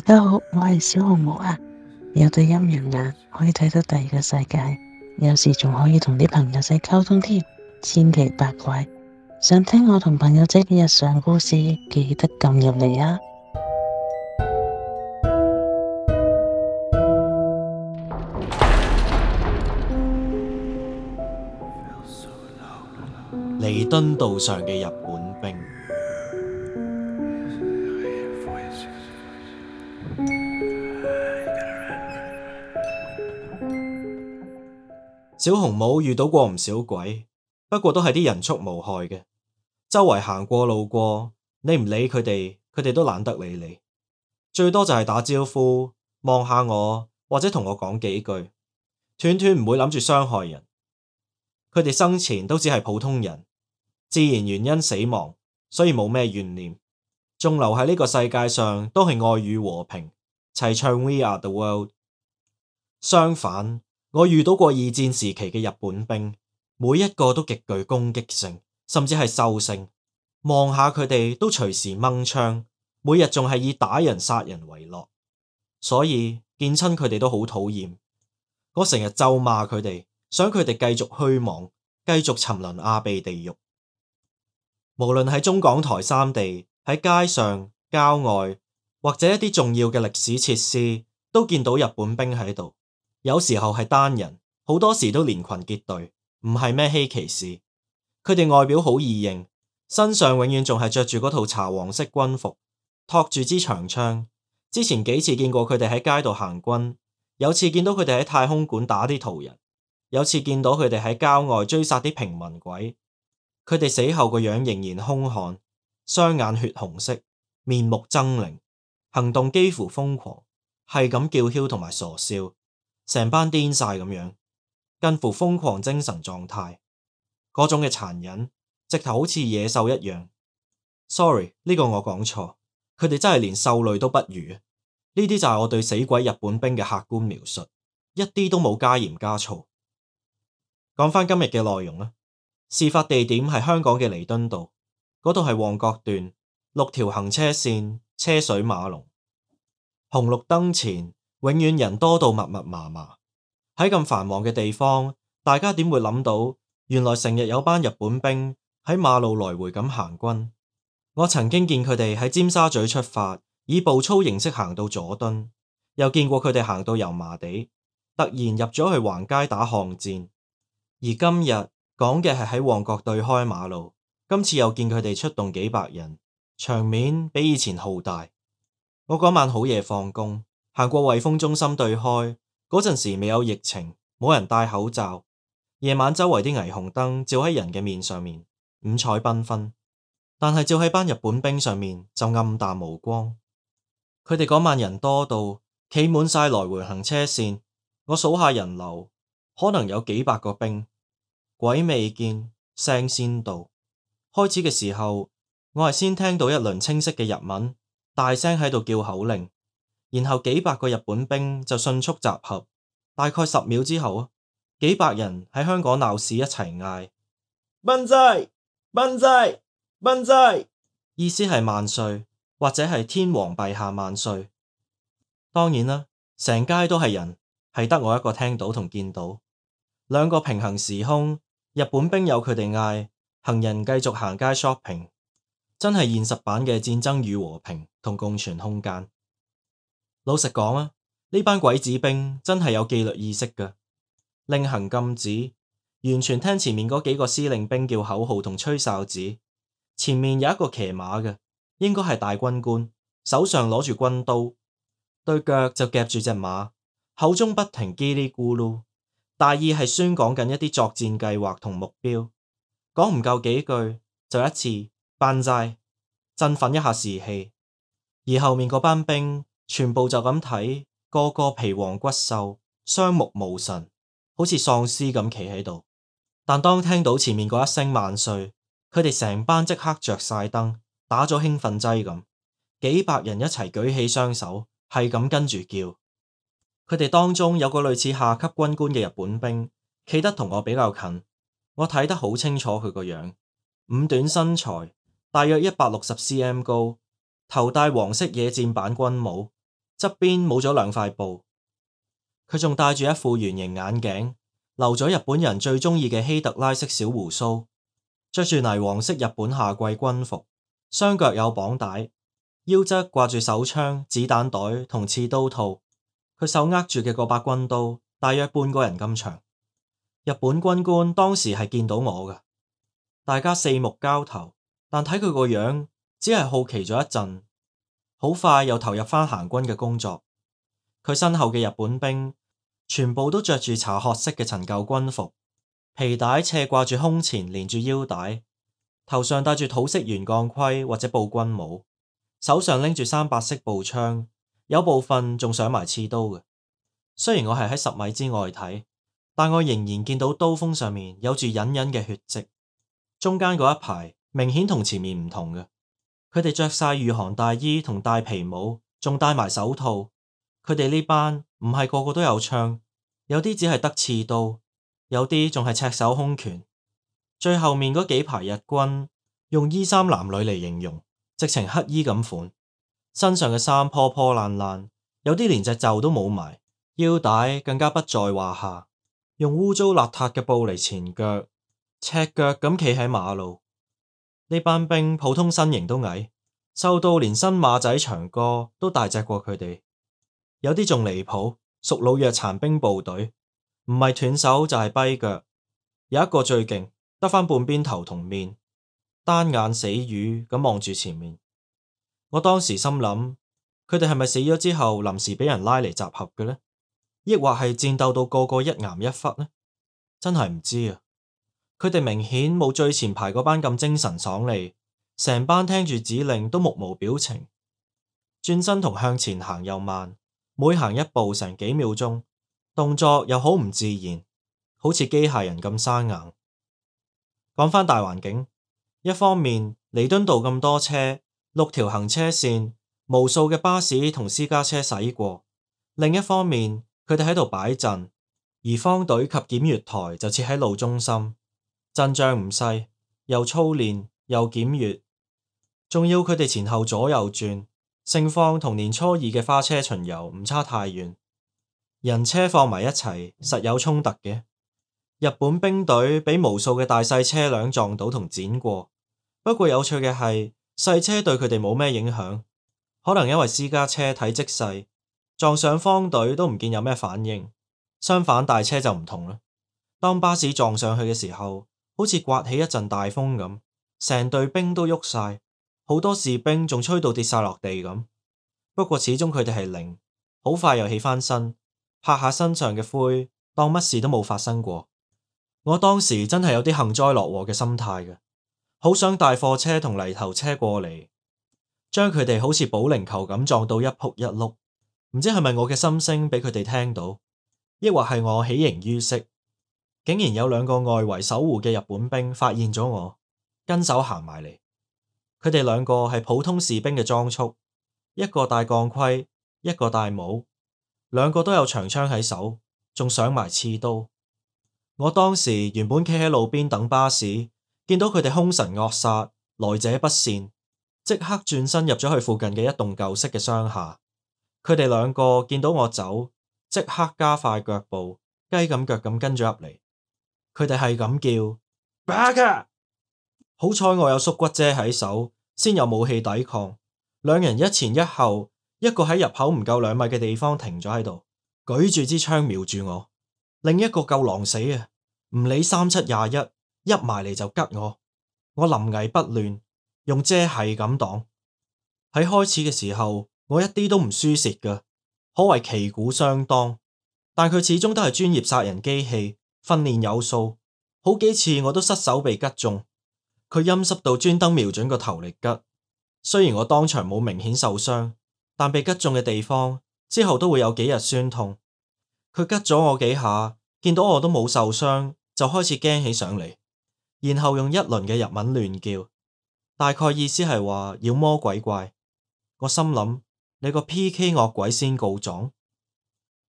大家好，我係小紅帽啊，有對陰陽眼可以睇到第二個世界，有時仲可以同啲朋友仔溝通添，千奇百怪。想聽我同朋友仔嘅日常故事，記得撳入嚟啊！彌敦道上嘅日本兵。小紅帽遇到過唔少鬼，不過都係啲人畜無害嘅，周圍行過路過，你唔理佢哋，佢哋都懶得理你。最多就係打招呼，望下我，或者同我講幾句，斷斷唔會諗住傷害人。佢哋生前都只係普通人，自然原因死亡，所以冇咩怨念，仲留喺呢個世界上，都係愛與和平，齊唱 We are the world。相反，我遇到過二戰時期嘅日本兵，每一個都極具攻擊性，甚至係獸性。望下佢哋都隨時掹槍，每日仲係以打人、殺人為樂，所以見親佢哋都好討厭。我成日咒罵佢哋，想佢哋繼續虛妄，繼續沉淪阿鼻地獄。無論喺中港台三地，喺街上、郊外或者一啲重要嘅歷史設施，都見到日本兵喺度。有時候係單人，好多時都連群結隊，唔係咩稀奇事。佢哋外表好易認，身上永遠仲係着住嗰套茶黃色軍服，托住支長槍。之前幾次見過佢哋喺街度行軍，有次見到佢哋喺太空館打啲途人，有次見到佢哋喺郊外追殺啲平民鬼。佢哋死後個樣仍然凶悍，雙眼血紅色，面目猙獰，行動幾乎瘋狂，係咁叫囂同埋傻笑。成班癲晒咁樣，近乎瘋狂精神狀態，嗰種嘅殘忍，直頭好似野獸一樣。sorry，呢個我講錯，佢哋真係連獸類都不如啊！呢啲就係我對死鬼日本兵嘅客觀描述，一啲都冇加鹽加醋。講返今日嘅內容啦，事發地點係香港嘅彌敦道，嗰度係旺角段，六條行車線，車水馬龍，紅綠燈前，永遠人多到密密麻麻，喺咁繁忙嘅地方，大家點會諗到，原來成日有班日本兵喺馬路來回咁行軍。我曾經見佢哋喺尖沙咀出發，以步操形式行到佐敦，又見過佢哋行到油麻地，突然入咗去橫街打巷戰。而今日講嘅係喺旺角對開馬路，今次又見佢哋出動幾百人，場面比以前浩大。我嗰晚好夜放工。行過惠豐中心對開，嗰陣時未有疫情，冇人戴口罩。夜晚周圍啲霓虹燈照喺人嘅面上面，五彩繽紛。但係照喺班日本兵上面就暗淡無光。佢哋嗰晚人多到，企滿晒來回行車線。我數下人流，可能有幾百個兵。鬼未見，聲先到。開始嘅時候，我係先聽到一輪清晰嘅日文，大聲喺度叫口令。然後幾百個日本兵就迅速集合，大概十秒之後啊，幾百人喺香港鬧市一齊嗌：，banzai」。「banzai」。「banzai」意思係萬歲，或者係天皇陛下萬歲。當然啦，成街都係人，係得我一個聽到同見到。兩個平行時空，日本兵有佢哋嗌，行人繼續行街 shopping，真係現實版嘅戰爭與和平同共存空間。老實講啊，呢班鬼子兵真係有紀律意識噶，令行禁止，完全聽前面嗰幾個施令兵叫口號同吹哨子。前面有一個騎馬嘅，應該係大軍官，手上攞住軍刀，對腳就夾住隻馬，口中不停嘰哩咕嚕，大意係宣講緊一啲作戰計劃同目標。講唔夠幾句就一次 banzai，振奮一下士氣，而後面嗰班兵。全部就咁睇，個個皮黃骨瘦，雙目無神，好似喪屍咁企喺度。但當聽到前面嗰一聲萬歲，佢哋成班即刻着晒燈，打咗興奮劑咁，幾百人一齊舉起雙手，係咁跟住叫。佢哋當中有個類似下級軍官嘅日本兵，企得同我比較近，我睇得好清楚佢個樣，五短身材，大約一百六十 cm 高，頭戴黃色野戰版軍帽。側邊冇咗兩塊布，佢仲戴住一副圓形眼鏡，留咗日本人最中意嘅希特拉式小鬍鬚，着住泥黃色日本夏季軍服，雙腳有綁帶，腰側掛住手槍、子彈袋同刺刀套。佢手握住嘅嗰把軍刀，大約半個人咁長。日本軍官當時係見到我嘅，大家四目交投，但睇佢個樣，只係好奇咗一陣。好快又投入返行軍嘅工作，佢身後嘅日本兵全部都着住茶褐色嘅陳舊軍服，皮帶斜掛住胸前，連住腰帶，頭上戴住土色圓鋼盔或者布軍帽，手上拎住三八式步槍，有部分仲上埋刺刀嘅。雖然我係喺十米之外睇，但我仍然見到刀鋒上面有住隱隱嘅血跡。中間嗰一排明顯同前面唔同嘅。佢哋着曬御寒大衣同戴皮帽，仲戴埋手套。佢哋呢班唔係個個都有槍，有啲只係得刺刀，有啲仲係赤手空拳。最後面嗰幾排日軍用衣衫襤褸嚟形容，直情乞兒咁款，身上嘅衫破破爛爛，有啲連隻袖都冇埋，腰帶更加不在話下，用污糟邋遢嘅布嚟纏腳，赤腳咁企喺馬路。呢班兵普通身形都矮，瘦到連新馬仔祥哥都大隻過佢哋，有啲仲離譜，屬老弱殘兵部隊，唔係斷手就係跛腳。有一個最勁，得返半邊頭同面，單眼死魚咁望住前面。我當時心諗，佢哋係咪死咗之後臨時俾人拉嚟集合嘅呢？抑或係戰鬥到個個一岩一窟呢？真係唔知啊！佢哋明顯冇最前排嗰班咁精神爽利，成班聽住指令都目無表情，轉身同向前行又慢，每行一步成幾秒鐘，動作又好唔自然，好似機械人咁生硬。講返大環境，一方面彌敦道咁多車，六條行車線，無數嘅巴士同私家車駛過；另一方面，佢哋喺度擺陣，而方隊及檢閱台就設喺路中心。陣仗唔細，又操練又檢閱，仲要佢哋前後左右轉，盛況同年初二嘅花車巡遊唔差太遠。人車放埋一齊，實有衝突嘅。日本兵隊俾無數嘅大細車輛撞到同輾過。不過有趣嘅係，細車對佢哋冇咩影響，可能因為私家車體積細，撞上方隊都唔見有咩反應。相反大車就唔同啦，當巴士撞上去嘅時候，好似颳起一陣大風咁，成隊兵都喐晒，好多士兵仲吹到跌晒落地咁。不過始終佢哋係靈，好快又起返身，拍下身上嘅灰，當乜事都冇發生過。我當時真係有啲幸災樂禍嘅心態嘅，好想大貨車同泥頭車過嚟，將佢哋好似保齡球咁撞到一仆一碌。唔知係咪我嘅心聲俾佢哋聽到，抑或係我喜形於色？竟然有兩個外圍守護嘅日本兵發現咗我，跟手行埋嚟。佢哋兩個係普通士兵嘅裝束，一個戴鋼盔，一個戴帽，兩個都有長槍喺手，仲上埋刺刀。我當時原本企喺路邊等巴士，見到佢哋兇神惡煞、來者不善，即刻轉身入咗去附近嘅一棟舊式嘅商廈。佢哋兩個見到我走，即刻加快腳步，雞咁腳咁跟住入嚟。佢哋係咁叫，巴卡，好彩我有縮骨遮喺手，先有武器抵抗。兩人一前一後，一個喺入口唔夠兩米嘅地方停咗喺度，舉住支槍瞄住我；另一個夠狼死啊，唔理三七廿一，一埋嚟就吉我。我臨危不亂，用遮係咁擋。喺開始嘅時候，我一啲都唔輸蝕㗎，可謂旗鼓相當。但佢始終都係專業殺人機器。訓練有素，好幾次我都失手被吉中。佢陰濕到專登瞄準個頭嚟吉。雖然我當場冇明顯受傷，但被吉中嘅地方之後都會有幾日酸痛。佢吉咗我幾下，見到我都冇受傷，就開始驚起上嚟，然後用一輪嘅日文亂叫，大概意思係話妖魔鬼怪。我心諗你個 P.K. 惡鬼先告狀。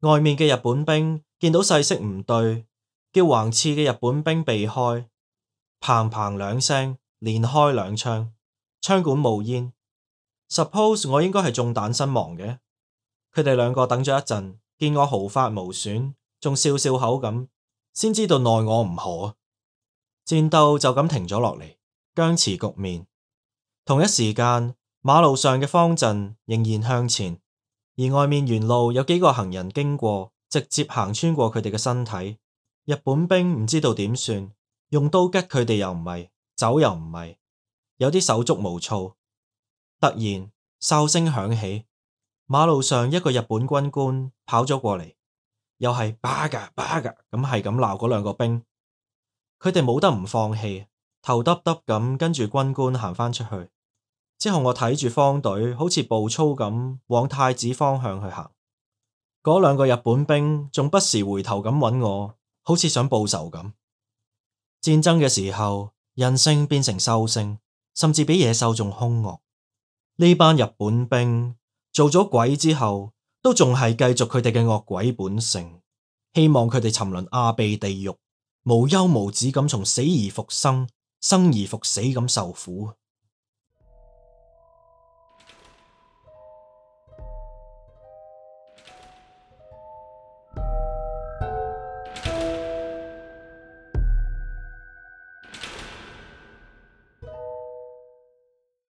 外面嘅日本兵見到勢色唔對，叫橫刺嘅日本兵避開，砰砰兩聲，連開兩槍，槍管冒煙。Suppose 我應該係中彈身亡嘅。佢哋兩個等咗一陣，見我毫髮無損，仲笑笑口咁，先知道奈我唔何。戰鬥就咁停咗落嚟，僵持局面。同一時間，馬路上嘅方陣仍然向前，而外面沿路有幾個行人經過，直接行穿過佢哋嘅身體。日本兵唔知道點算，用刀吉佢哋又唔係，走又唔係，有啲手足無措。突然哨聲響起，馬路上一個日本軍官跑咗過嚟，又係巴嘎巴嘎咁係咁鬧嗰兩個兵。佢哋冇得唔放棄，頭耷耷咁跟住軍官行返出去。之後我睇住方隊，好似步操咁往太子方向去行。嗰兩個日本兵仲不時回頭咁揾我。好似想報仇咁。戰爭嘅時候人性變成獸性，甚至比野獸仲兇惡。呢班日本兵做咗鬼之後，都仲係繼續佢哋嘅惡鬼本性，希望佢哋沉淪阿鼻地獄，無休無止咁從死而復生，生而復死咁受苦。